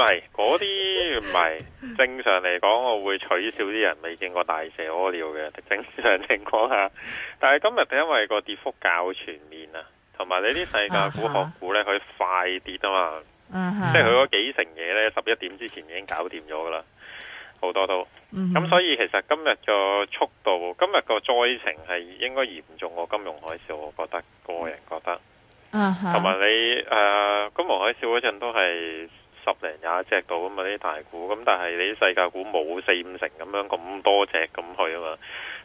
唔係，嗰啲唔係。正常嚟講，我會取笑啲人未見過大蛇屙尿嘅。正常情況下。但係今日因為個跌幅較全面啊，同埋你啲世界股，uh huh. 古學股咧，佢快跌啊嘛，uh huh. 即係佢嗰幾成嘢咧，十一點之前已經搞掂咗噶啦，好多都咁。Uh huh. 所以其實今日個速度，今日個災情係應該嚴重過金融海嘯，我覺得，個人覺得，同埋，uh huh. 你誒、呃，金融海嘯嗰陣都係。十零廿隻到咁啊啲大股，咁但係你啲世界股冇四五成咁樣咁多隻咁去啊嘛，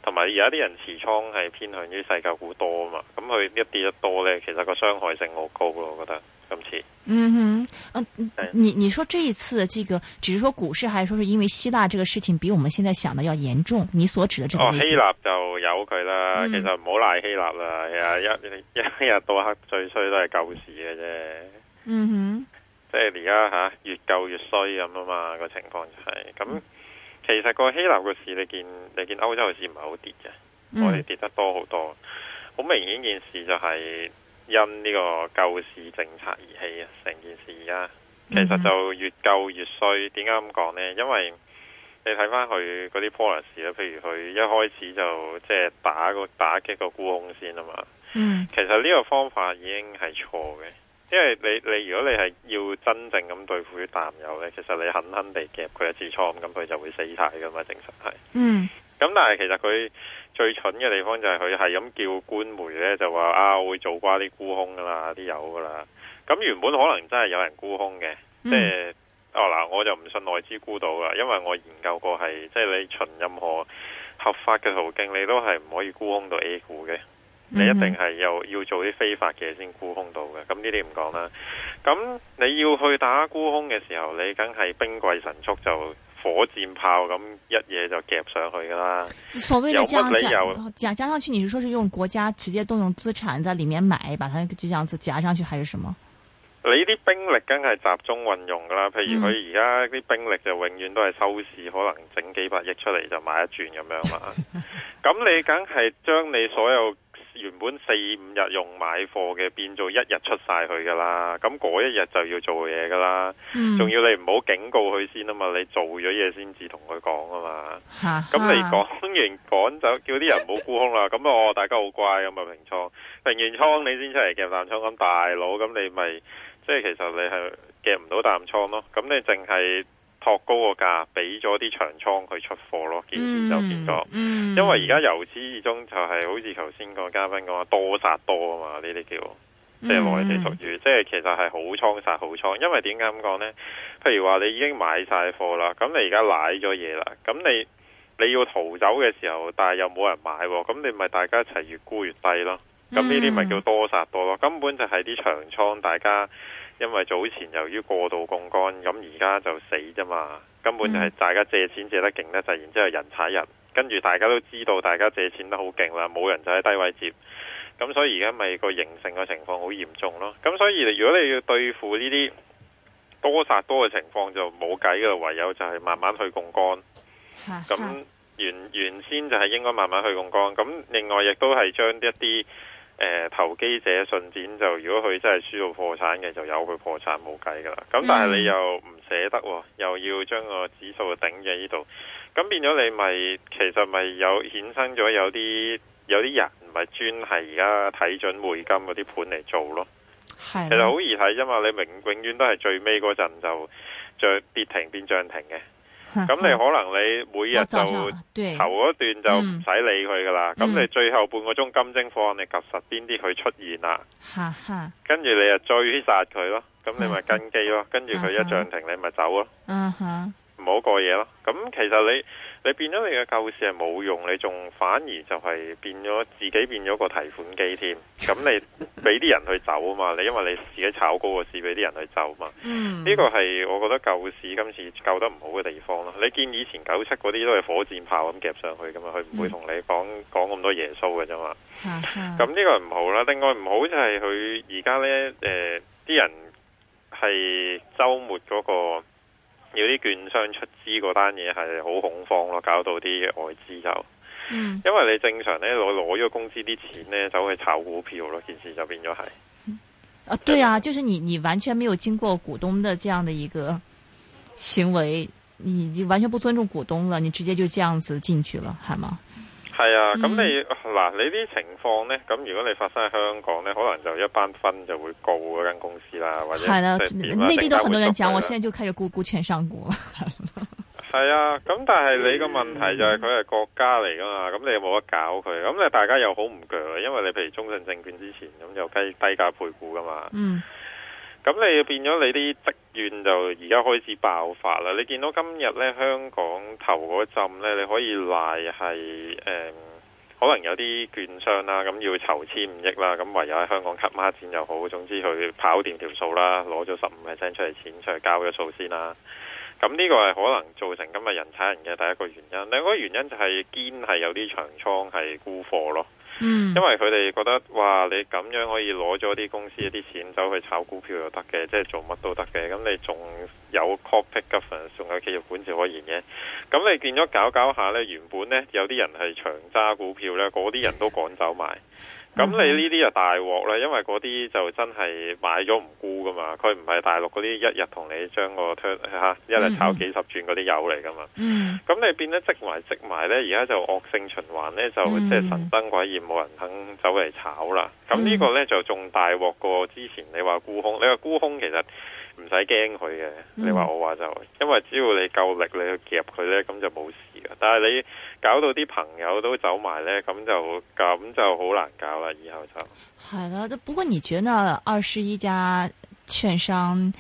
同埋而家啲人持倉係偏向於世界股多啊嘛，咁佢一跌得多咧，其實個傷害性好高咯，我覺得今次。嗯哼，嗯、啊，你你說這一次、這個，呢個只是說股市，還是說是因為希臘這個事情比我們現在想的要嚴重？你所指的這個？希臘就有佢啦，其實唔好賴希臘啦，係啊、嗯，一一日,日,日到黑最衰都係救市嘅啫。嗯哼。即係而家吓，越救越衰咁啊嘛，個情況就係咁。其實個希臘個市你見，你見歐洲個市唔係好跌嘅，嗯、我哋跌得多好多。好明顯件事就係因呢個救市政策而起啊！成件事而家其實就越救越衰。點解咁講呢？因為你睇翻佢嗰啲 policy 咧，譬如佢一開始就即係打個打擊個沽空先啊嘛。嗯、其實呢個方法已經係錯嘅。因為你你如果你係要真正咁對付啲淡友呢，其實你狠狠地夾佢一次倉咁，佢就會死晒噶嘛。正常係。嗯。咁但係其實佢最蠢嘅地方就係佢係咁叫官媒呢，就話啊會做瓜啲沽空噶啦，啲友噶啦。咁原本可能真係有人沽空嘅，嗯、即係哦嗱，我就唔信內資沽到啦，因為我研究過係，即係你循任何合法嘅途徑，你都係唔可以沽空到 A 股嘅。你、mm hmm. 一定係又要做啲非法嘅先沽空到嘅，咁呢啲唔講啦。咁你要去打沽空嘅時候，你梗係兵貴神速，就火箭炮咁一嘢就夾上去噶啦。所謂的加加加加上去，你是說，是用國家直接動用資產在裏面買，把它就這樣子夾上去，還是什麼？你啲兵力梗係集中運用噶啦，譬如佢而家啲兵力就永遠都係收市，可能整幾百億出嚟就買一轉咁樣嘛。咁 你梗係將你所有原本四五日用買貨嘅，變做一日出晒去㗎喇，咁嗰一日就要做嘢㗎喇，仲、嗯、要你唔好警告佢先啊嘛，你做咗嘢先至同佢講啊嘛，咁哈你講完講就叫啲人唔好沽空啦，咁啊、哦、大家好乖啊嘛，平倉，平完倉你先出嚟夾淡倉，咁大佬，咁你咪即係其實你係夾唔到淡倉咯，咁你淨係。托高個價，俾咗啲長倉去出貨咯，件事就變咗。嗯嗯、因為而家由始至終就係、是、好似頭先個嘉賓講話，多殺多啊嘛，呢啲叫即係內地屬於，嗯、即係其實係好倉殺好倉。因為點解咁講呢？譬如話你已經買晒貨啦，咁你而家瀨咗嘢啦，咁你你要逃走嘅時候，但係又冇人買，咁你咪大家一齊越沽越低咯。咁呢啲咪叫多殺多咯，根本就係啲長倉大家。因為早前由於過度槓桿，咁而家就死啫嘛，根本就係大家借錢借得勁得滯，然之後人踩人，跟住大家都知道大家借錢得好勁啦，冇人就喺低位接，咁所以而家咪個形成嘅情況好嚴重咯。咁所以如果你要對付呢啲多殺多嘅情況，就冇計嘅，唯有就係慢慢去槓桿。咁原原先就係應該慢慢去槓桿。咁另外亦都係將一啲。誒、呃，投機者信展，就如果佢真係輸到破產嘅，就由佢破產冇計噶啦。咁但係你又唔捨得、哦，又要將個指數頂喺呢度，咁變咗你咪其實咪有衍生咗有啲有啲人咪專係而家睇準匯金嗰啲盤嚟做咯。嗎其實好易睇啫嘛，你永永遠都係最尾嗰陣就再跌停變漲停嘅。咁 你可能你每日就頭嗰段就唔使理佢噶啦，咁、嗯、你最後半個鐘金睛火眼，你及實邊啲佢出現啦， 跟住你就追殺佢咯，咁你咪跟機咯，跟住佢一漲停 你咪走咯， 冇個嘢咯，咁其實你你變咗你嘅救市係冇用，你仲反而就係變咗自己變咗個提款機添，咁你俾啲人去走啊嘛，你 因為你自己炒高個市，俾啲人去走嘛，呢、這個係我覺得救市今次救得唔好嘅地方咯。你見以前九七嗰啲都係火箭炮咁夾上去噶嘛，佢唔會同你講講咁多耶穌嘅啫嘛。咁 呢、嗯、 個唔好啦，另外唔好就係佢而家呢誒啲、呃、人係周末嗰、那個。有啲券商出資嗰單嘢係好恐慌咯，搞到啲外資就，嗯、因為你正常咧攞攞咗公司啲錢咧走去炒股票咯，件事就變咗係，啊對啊，嗯、就是你你完全沒有經過股東的這樣的一個行為，你完全不尊重股東了，你直接就這樣子進去了，係嘛？係啊，咁你嗱你啲情況咧，咁如果你發生喺香港咧，可能就一班分就會告嗰間公司啦，或者係啊？呢啲都很多人講，我現在就開始沽沽券商股。係啊，咁但係你個問題就係佢係國家嚟噶嘛，咁你又冇得搞佢。咁你大家又好唔鋸，因為你譬如中信證券之前咁又低低價配股噶嘛。嗯。咁你變咗你啲積怨就而家開始爆發啦！你見到今日呢香港頭嗰浸呢，你可以賴係誒，可能有啲券商啦，咁要籌千五億啦，咁唯有喺香港吸孖展又好，總之佢跑掂條數啦，攞咗十五 percent 出嚟錢出嚟交嘅數先啦。咁呢個係可能造成今日人踩人嘅第一個原因。第二個原因就係堅係有啲長倉係沽貨咯。嗯，mm. 因為佢哋覺得哇，你咁樣可以攞咗啲公司一啲錢走去炒股票又得嘅，即係做乜都得嘅，咁你仲有 corporate governance 仲有企業管治可言嘅，咁你見咗搞搞下呢，原本呢有啲人係長揸股票咧，嗰啲人都趕走埋。咁、嗯、你呢啲就大鑊喇，因為嗰啲就真係買咗唔沽噶嘛，佢唔係大陸嗰啲一日同你將、那個推、啊、一日炒幾十轉嗰啲油嚟噶嘛。咁、嗯、你變得積埋積埋呢，而家就惡性循環呢，就即係神憎鬼厭，冇人肯走嚟炒啦。咁呢個呢，就仲大鑊過之前你話沽空，你話沽空其實。唔使驚佢嘅，嗯、你話我話就，因為只要你夠力，你去夾佢咧，咁就冇事。但係你搞到啲朋友都走埋咧，咁就咁就好難搞啦。以後就係啦，不過你覺得二十一家券商，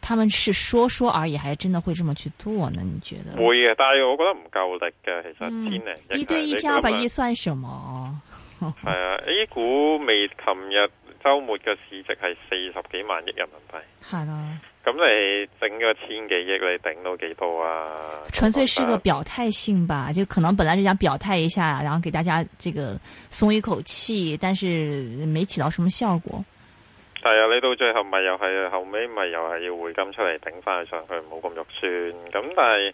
他們是說說而已，還真的會這麼去做呢？你覺得會嘅，但係我覺得唔夠力嘅，其實千零一、嗯、一堆一千百億算什麼？係 啊，A 股未琴日。周末嘅市值係四十幾萬億人民幣，係咯，咁、 嗯、你整個千幾億你頂到幾多啊？純粹是個表態性吧，就可能本來就想表態一下，然後給大家這個鬆一口氣，但是沒起到什麼效果。但係你到最後咪又係後尾咪又係要匯金出嚟頂翻佢上去，冇咁肉酸。咁但係。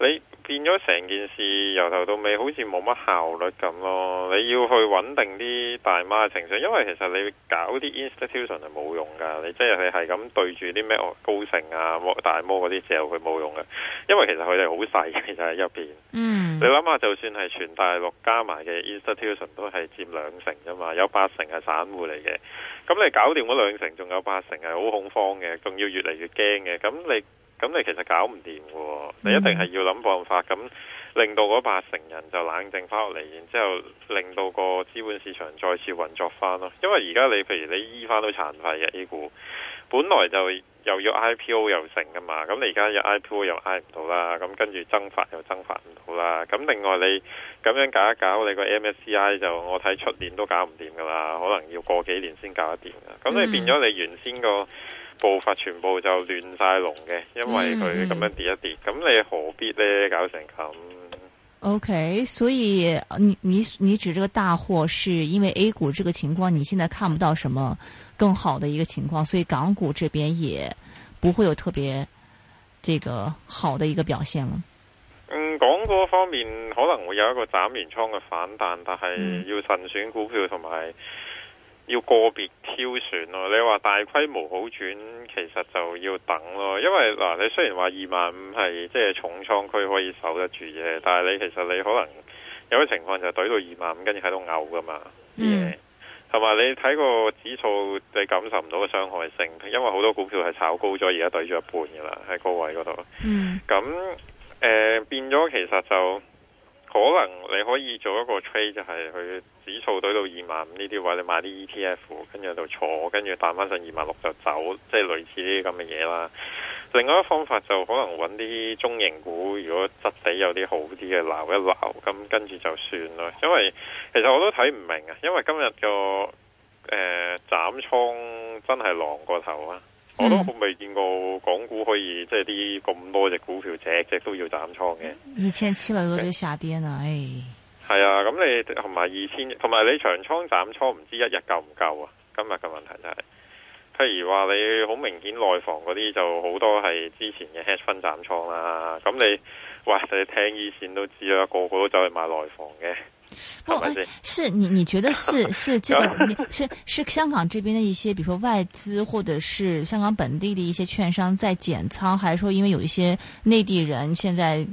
你變咗成件事由頭到尾好似冇乜效率咁咯，你要去穩定啲大媽嘅情緒，因為其實你搞啲 institution 係冇用噶，你即係你係咁對住啲咩高成啊大摩嗰啲時候，佢冇用嘅，因為其實佢哋好細嘅就喺入邊。嗯，mm. 你諗下就算係全大陸加埋嘅 institution 都係佔兩成啫嘛，有八成係散戶嚟嘅，咁你搞掂嗰兩成，仲有八成係好恐慌嘅，仲要越嚟越驚嘅，咁你。咁、嗯、你其實搞唔掂嘅，你一定係要諗辦法，咁令到嗰八成人就冷靜翻落嚟，然之後令到個資本市場再次運作翻咯。因為而家你譬如你醫翻都殘廢嘅 A 股，本來就又要 IPO 又成嘅嘛，咁你而家 IP 又 IPO 又 I 唔到啦，咁跟住增發又增發唔到啦。咁另外你咁樣搞一搞你，你個 MSCI 就我睇出年都搞唔掂嘅啦，可能要過幾年先搞得掂嘅。咁你變咗你原先個。嗯步伐全部就亂晒龍嘅，因為佢咁樣跌一跌，咁、嗯、你何必呢，搞成咁？O K，所以你你你指這個大貨，是因為 A 股這個情況，你現在看不到什麼更好的一個情況，所以港股這邊也不會有特別這個好的一個表現啦。嗯，港股方面可能會有一個斬完倉嘅反彈，但係要慎選股票同埋。要個別挑選咯，你話大規模好轉，其實就要等咯。因為嗱、啊，你雖然話二萬五係即係重倉區可以守得住嘅，但係你其實你可能有啲情況就係對到二萬五，跟住喺度嘔噶嘛。嗯，同埋你睇個指數，你感受唔到個傷害性，因為好多股票係炒高咗，而家對咗一半噶啦，喺高位嗰度。嗯。咁誒、呃、變咗，其實就可能你可以做一個 trade 就係去。指數懟到二萬，呢啲話你買啲 ETF，跟住喺度坐，跟住彈翻上二萬六就走，即係類似呢啲咁嘅嘢啦。另外一種方法就可能揾啲中型股，如果質地有啲好啲嘅，鬧一鬧，咁跟住就算咯。因為其實我都睇唔明啊，因為今日個誒斬倉真係狼過頭啊！嗯、我都未見過港股可以即係啲咁多隻股票隻只都要斬倉嘅，一千七百多隻下跌啦，唉對。哎係啊，咁你同埋二千，同埋你長倉斬倉唔知一日夠唔夠啊？今日嘅問題就係、是，譬如話你好明顯內房嗰啲就好多係之前嘅 hedge fund 斬倉啦，咁你喂你聽二線都知啦，個個都走去買內房嘅。不是,不是、哎、是你你覺得是是這個 你是是香港這邊的一些，比如說外資或者是香港本地的一些券商在減倉，還是說因為有一些內地人現在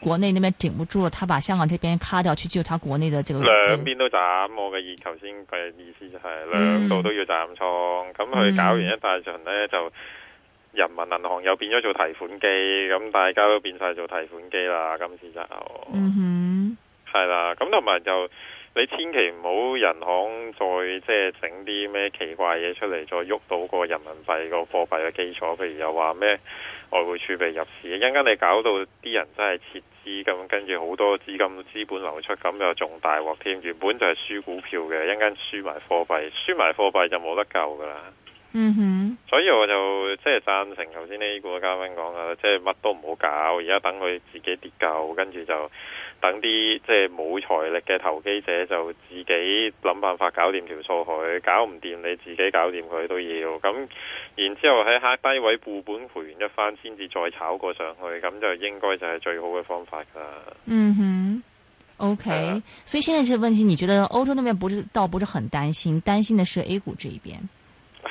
國內那邊頂不住了，他把香港這邊卡掉去救他國內的這個兩邊都斬，我嘅意頭先嘅意思就係兩度都要斬倉，咁佢、嗯、搞完一大陣呢，就人民銀行又變咗做提款機，咁大家都變晒做提款機啦，今次就嗯哼。係啦，咁同埋就你千祈唔好人行再即係整啲咩奇怪嘢出嚟，再喐到個人民幣個貨幣嘅基礎。譬如又話咩外匯儲備入市，一陣間你搞到啲人真係撤資咁，跟住好多資金資本流出，咁又仲大鑊添。原本就係輸股票嘅，一陣間輸埋貨幣，輸埋貨幣就冇得救噶啦。嗯哼，所以我就即係贊成頭先 A 股嘅嘉賓講噶啦，即係乜都唔好搞，而家等佢自己跌夠，跟住就等啲即係冇財力嘅投機者就自己諗辦法搞掂條數，佢搞唔掂，你自己搞掂佢都要咁。然之後喺吓低位護本回完一番，先至再炒過上去，咁就應該就係最好嘅方法啦。嗯哼，OK。Yeah. 所以現在這個問題，你覺得歐洲那邊不是倒不是很擔心，擔心的是 A 股這一邊。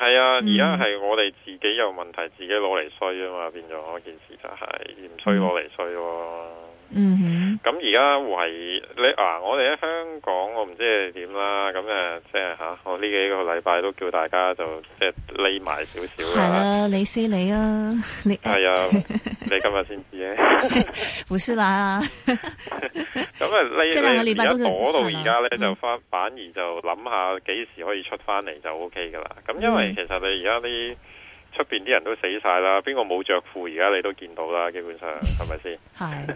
係啊，而家係我哋自己有問題，自己攞嚟衰啊嘛，變咗嗰件事就係唔衰攞嚟衰喎。嗯，咁而家為你啊，我哋喺香港，我唔知係點啦。咁誒，即係吓，我呢幾個禮拜都叫大家就即係匿埋少少啦。係啦，你先你啊，你係啊，哎、呀 你今日先知啊，胡師奶啊。咁 啊 躲，匿而家躲到而家咧，的就反、嗯、反而就諗下幾時可以出翻嚟就 OK 噶啦。咁因為其實你而家啲。嗯出邊啲人都死晒啦，邊個冇着褲？而家你都見到啦，基本上係咪先？係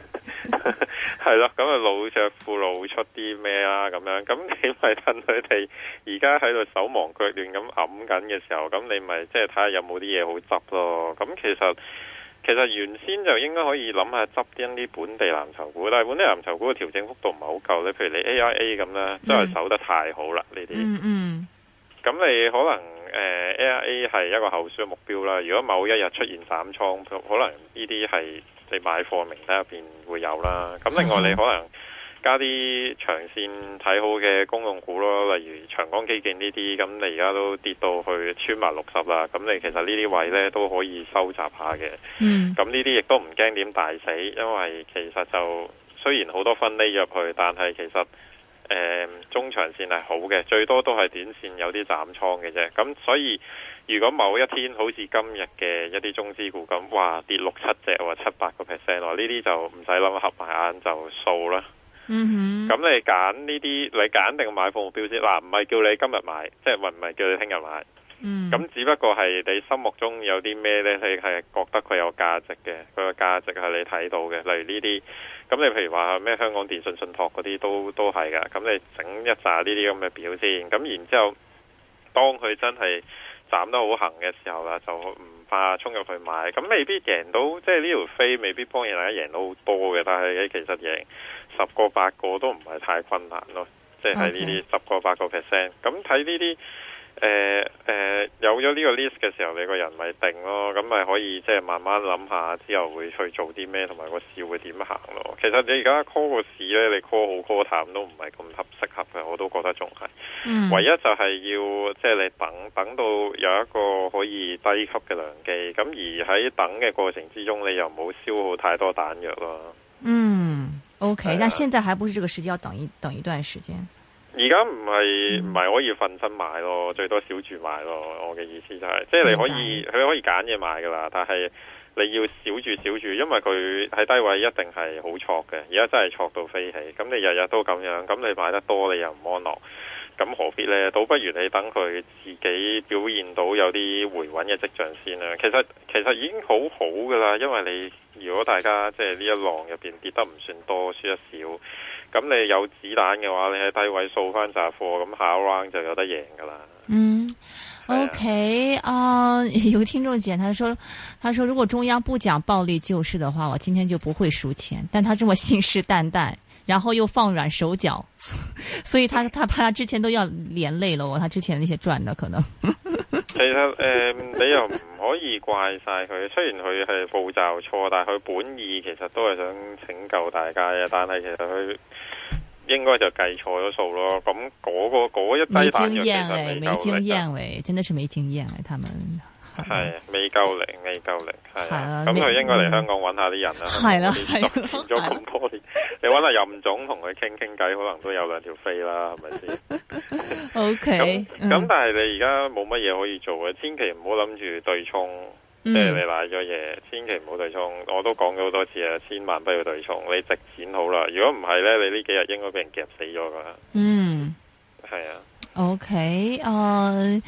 係咯，咁 啊，老着褲露出啲咩啊？咁樣咁你咪趁佢哋而家喺度手忙腳亂咁揞緊嘅時候，咁你咪即係睇下有冇啲嘢好執咯。咁其實其實原先就應該可以諗下執啲啲本地藍籌股但係。本地藍籌股嘅調整幅度唔係好夠咧，譬如你 AIA 咁啦，都係守得太好啦呢啲。嗯。嗯。咁你可能誒、呃、AIA 係一個候選目標啦。如果某一日出現斬倉，可能呢啲係你買貨名單入邊會有啦。咁另外你可能加啲長線睇好嘅公用股咯，例如長江基建呢啲。咁你而家都跌到去穿埋六十啦。咁你其實呢啲位呢都可以收集下嘅。嗯。咁呢啲亦都唔驚點大死，因為其實就雖然好多分攤入去，但係其實。誒，um, 中長線係好嘅，最多都係短線有啲斬倉嘅啫。咁所以，如果某一天好似今日嘅一啲中資股咁，哇跌六七隻或七八個 percent，嗱呢啲就唔使諗，合埋眼就掃啦。咁、mm hmm. 你揀呢啲，你揀定買貨目標先。嗱、啊，唔係叫你今日買，即係唔係叫你聽日買。嗯、咁、mm. 只不過係你心目中有啲咩呢？你係覺得佢有價值嘅，佢個價值係你睇到嘅，例如呢啲。咁你譬如話咩香港電信信託嗰啲都都係噶。咁你整一紮呢啲咁嘅表先。咁然之後，當佢真係斬得好行嘅時候啦，就唔怕衝入去買。咁未必贏到，即係呢條飛未必幫住大家贏到好多嘅。但係其實贏十個八個都唔係太困難咯。即係呢啲十個八個 percent。咁睇呢啲。誒誒、呃呃，有咗呢個 list 嘅時候，你個人咪定咯，咁、嗯、咪可以即係慢慢諗下，之後會去做啲咩，同埋個市會點行咯。其實你而家 call 個市咧，你 call 好 call 淡都唔係咁合適合嘅，我都覺得仲係。嗯、唯一就係要即係、就是、你等等到有一個可以低級嘅良機，咁、嗯、而喺等嘅過程之中，你又唔好消耗太多彈藥咯。嗯，OK，、哎、呀但現在還不是這個時機，要等一等一段時間。而家唔係唔係可以瞓身買咯，最多小注買咯。我嘅意思就係、是，即係你可以，佢白可以揀嘢買噶啦。但係你要小注小注，因為佢喺低位一定係好錯嘅。而家真係錯到飛起，咁你日日都咁樣，咁你買得多你又唔安樂，咁何必呢？倒不如你等佢自己表現到有啲回穩嘅跡象先啦。其實其實已經好好噶啦，因為你如果大家即係呢一浪入邊跌得唔算多，輸得少。咁你有子彈嘅話，你喺低位掃翻紮貨，咁下 round 就有得贏噶啦。嗯，O K，啊，okay, uh, 有個聽眾講，他說，他說如果中央不講暴力救市的話，我今天就不會輸錢。但他這麼信誓旦旦，然後又放軟手腳，所以他他他之前都要連累了我，他之前那些賺的可能。 其實誒、呃，你又唔可以怪晒佢。雖然佢係步驟錯，但係佢本意其實都係想拯救大家嘅。但係其實佢應該就計錯咗數咯。咁嗰、那個嗰一啖藥其實未夠咧。冇經驗咧，冇經驗咧，真係冇經驗咧，佢哋。係未夠零，未夠零，係啊，咁佢應該嚟香港揾下啲人啦。係啦，係啦，做咗咁多年，你揾下任總同佢傾傾偈，可能都有兩條飛啦，係咪先？O K，咁但係你而家冇乜嘢可以做嘅，千祈唔好諗住對沖。嗯，即係你買咗嘢，千祈唔好對沖。我都講咗好多次啊，千萬不要對沖。你值錢好啦，如果唔係咧，你呢幾日應該俾人夾死咗噶啦。嗯，係啊。O K，誒。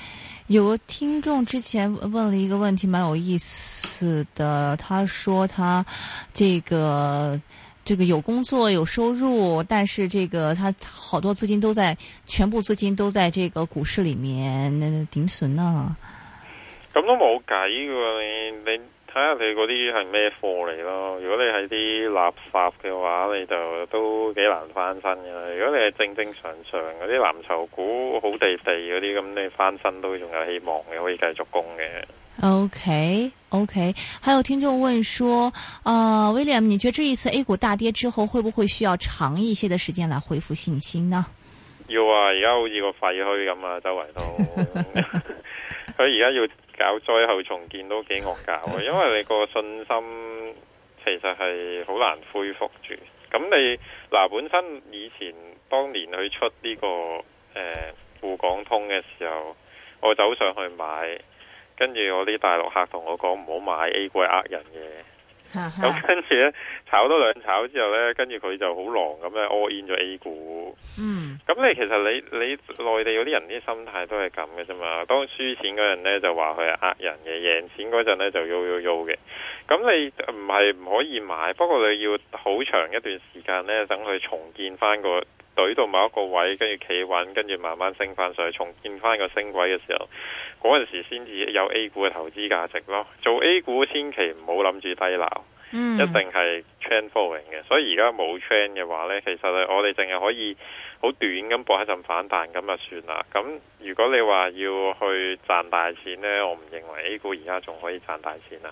有聽眾之前問了一個問題，蠻有意思的。他說他，這個，這個有工作有收入，但是這個他好多資金都在，全部資金都在這個股市裏面，那頂損呢？咁都冇計嘅，你你。睇下你嗰啲係咩貨嚟咯。如果你係啲垃圾嘅話，你就都幾難翻身嘅。如果你係正正常常嗰啲藍籌股、好地地嗰啲咁，你翻身都仲有希望嘅，可以繼續供嘅。OK，OK，還有聽眾問說，啊、呃，William，你覺得這一次 A 股大跌之後，會不會需要長一些的時間來恢復信心呢？要啊，而家好似個廢墟咁啊，周圍都佢而家要。搞災後重建都幾惡搞啊！因為你個信心其實係好難恢復住。咁你嗱、呃，本身以前當年去出呢、這個誒滬、呃、港通嘅時候，我走上去買，跟住我啲大陸客同我講唔好買 A 股，係呃人嘅。咁 跟住咧炒多兩炒之後咧，跟住佢就好狼咁咧，all in 咗 A 股。 嗯，咁你其實你你內地有啲人啲心態都係咁嘅啫嘛。當輸錢嗰陣咧就話佢係呃人嘅，贏錢嗰陣咧就喐喐喐嘅。咁你唔係唔可以買，不過你要好長一段時間咧，等佢重建翻個。懟到某一個位，跟住企穩，跟住慢慢升翻上去，去重建翻個升軌嘅時候，嗰陣時先至有 A 股嘅投資價值咯。做 A 股千祈唔好諗住低樓，一定係 trend following 嘅。所以而家冇 trend 嘅話呢，其實係我哋淨係可以好短咁博一陣反彈咁就算啦。咁如果你話要去賺大錢呢，我唔認為 A 股而家仲可以賺大錢啦。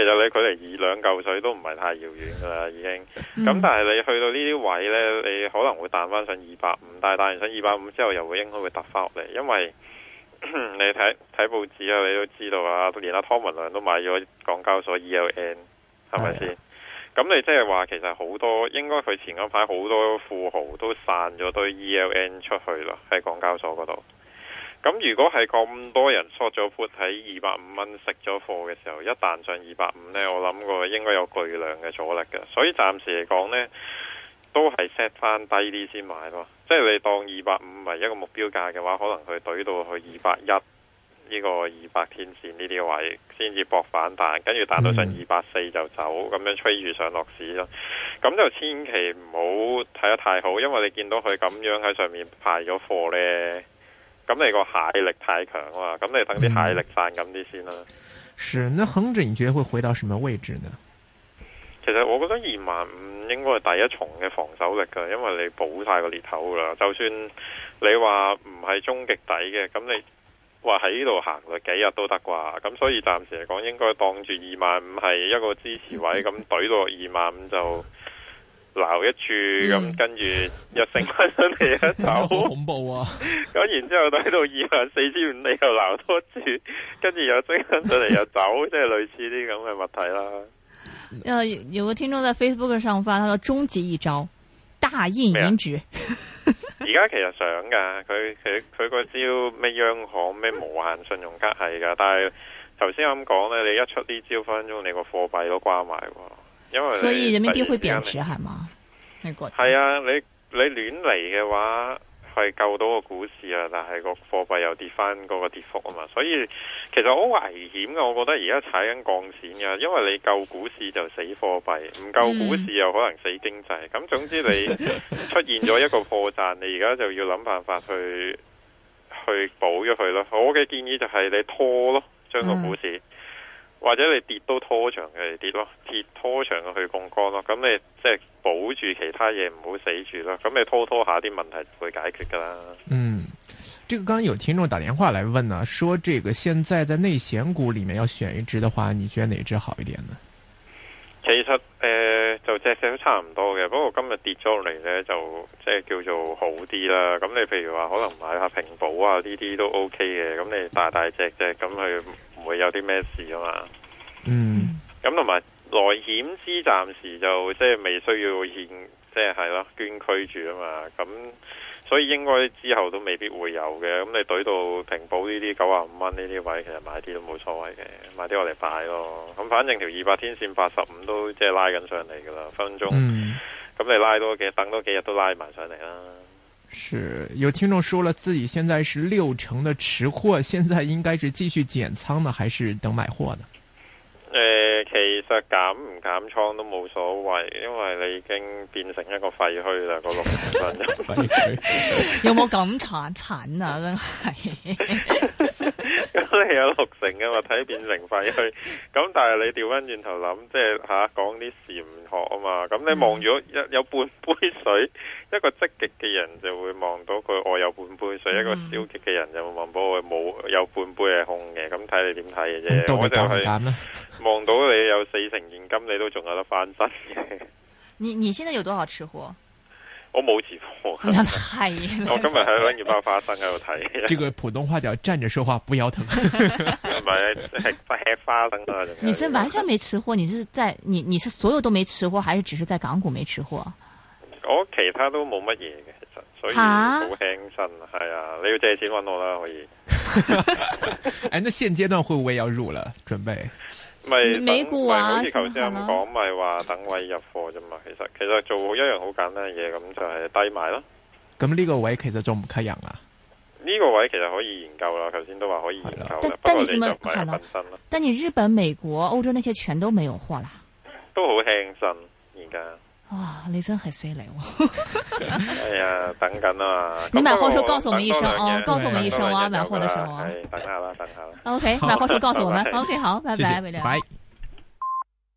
其實你距離二兩嚿水都唔係太遙遠噶啦，已經。咁但係你去到呢啲位呢，你可能會彈翻上二百五，但係彈完上二百五之後，又會應該會踏翻落嚟。因為你睇睇報紙啊，你都知道啊，連阿、啊、湯文亮都買咗港交所 ELN，係咪先？咁的你即係話，其實好多應該佢前嗰排好多富豪都散咗堆 ELN 出去咯，喺港交所嗰度。咁如果係咁多人縮咗盤喺二百五蚊食咗貨嘅時候，一旦上二百五呢，我諗過應該有巨量嘅阻力嘅，所以暫時嚟講呢，都係 set 翻低啲先買咯。即係你當二百五為一個目標價嘅話，可能佢懟到去二百一呢個二百天綫呢啲位，先至搏反彈，跟住彈到上二百四就走，咁樣吹住上落市咯。咁就千祈唔好睇得太好，因為你哋見到佢咁樣喺上面排咗貨呢。咁你個蟹力太強啊，咁你等啲蟹力散咁啲先啦。是，那恒指你覺得會回到什麼位置呢？其實我覺得二萬五應該係第一重嘅防守力噶，因為你補晒個裂口啦。就算你話唔係終極底嘅，咁你話喺呢度行咗幾日都得啩。咁所以暫時嚟講，應該當住二萬五係一個支持位，咁懟 到二萬五就。撈一注咁，跟住又升翻上嚟，一走，好恐怖啊！咁然之後睇到二萬四千五，你又撈多注，跟住又升翻上嚟，又走，即係類似啲咁嘅物體啦。誒，有個聽眾在 Facebook 上發，佢話終極一招，大印銀紙。而家其實想噶，佢佢佢個招咩央行咩無限信用卡係噶，但係頭先咁講咧，你一出呢招分鐘，你個貨幣都瓜埋喎。所以人民幣會貶值係嘛？係啊，你你亂嚟嘅話係救到個股市啊，但係個貨幣又跌翻嗰個跌幅啊嘛，所以其實好危險噶。我覺得而家踩緊鋼線噶，因為你救股市就死貨幣，唔救股市又可能死經濟。咁、嗯、總之你出現咗一個破綻，你而家就要諗辦法去去補咗佢咯。我嘅建議就係你拖咯，將個股市。嗯或者你跌都拖長佢跌咯，跌拖長佢去槓桿咯，咁你即係保住其他嘢，唔好死住咯，咁你拖拖下啲問題就會解決噶啦。嗯，這個剛剛有聽眾打電話嚟問啊，說這個現在在內險股裏面要選一隻的話，你覺得哪隻好一點呢？其實誒、呃，就只只都差唔多嘅，不過今日跌咗落嚟咧，就即係叫做好啲啦。咁你譬如話可能買下平保啊呢啲都 OK 嘅，咁你大大只只咁去。會有啲咩事啊嘛？嗯，咁同埋內險之暫時就即係、就是、未需要現，即係係咯捐區住啊嘛。咁所以應該之後都未必會有嘅。咁你隊到平保呢啲九十五蚊呢啲位，其實買啲都冇所謂嘅，買啲我哋擺咯。咁反正條二百天線八十五都即係拉緊上嚟噶啦，分分鐘。咁、嗯、你拉多幾，其等多幾日都拉埋上嚟啦。是有聽眾說了自己現在是六成的持貨，現在應該是繼續減倉呢，還是等買貨呢？誒、呃，其實減唔減倉都冇所謂，因為你已經變成一個廢墟啦，嗰六成分。有冇咁慘慘啊？真係。 咁 你有六成嘅、 就是啊、嘛？睇變成廢去。咁但係你調翻轉頭諗，即係吓講啲禪學啊嘛。咁你望咗有有半杯水，一個積極嘅人就會望到佢我有半杯水；嗯、一個消極嘅人就會望到佢。冇有半杯係空嘅。咁睇你點睇嘅啫。嗯、我就係望到你有四成現金，你都仲有得翻身嘅。 你你現在有多少吃貨？我冇食貨，係 我今日喺諗住包花生喺度睇。呢個普通話叫站着說話不腰疼。係，係吃花生啊！你是完全沒吃貨，你是在你你是所有都沒吃貨，還是只是在港股沒吃貨？我其他都冇乜嘢嘅，所以好輕身。係 啊，你要借錢搵我啦，可以。哎，那現階段會不會要入了？準備？咪美股啊，好似頭先講咪話等位，等位入貨啫嘛。其實其實做一樣好簡單嘅嘢，咁就係低買咯。咁呢個位其實仲唔吸引啊？呢個位其實可以研究啦，頭先都話可以研究的你但你什麼看到，哎？但你日本、美國、歐洲那些全都沒有貨啦。都好輕鬆，而家。哇，你真係犀利喎！ 哎呀，等緊啊，你買貨時候告訴我們一聲啊，告訴我們一聲我啊，買貨的時候啊。啊、哎，等下啦，等下啦。OK，好買貨時候告訴我們。拜拜 OK，好，拜拜，威廉謝。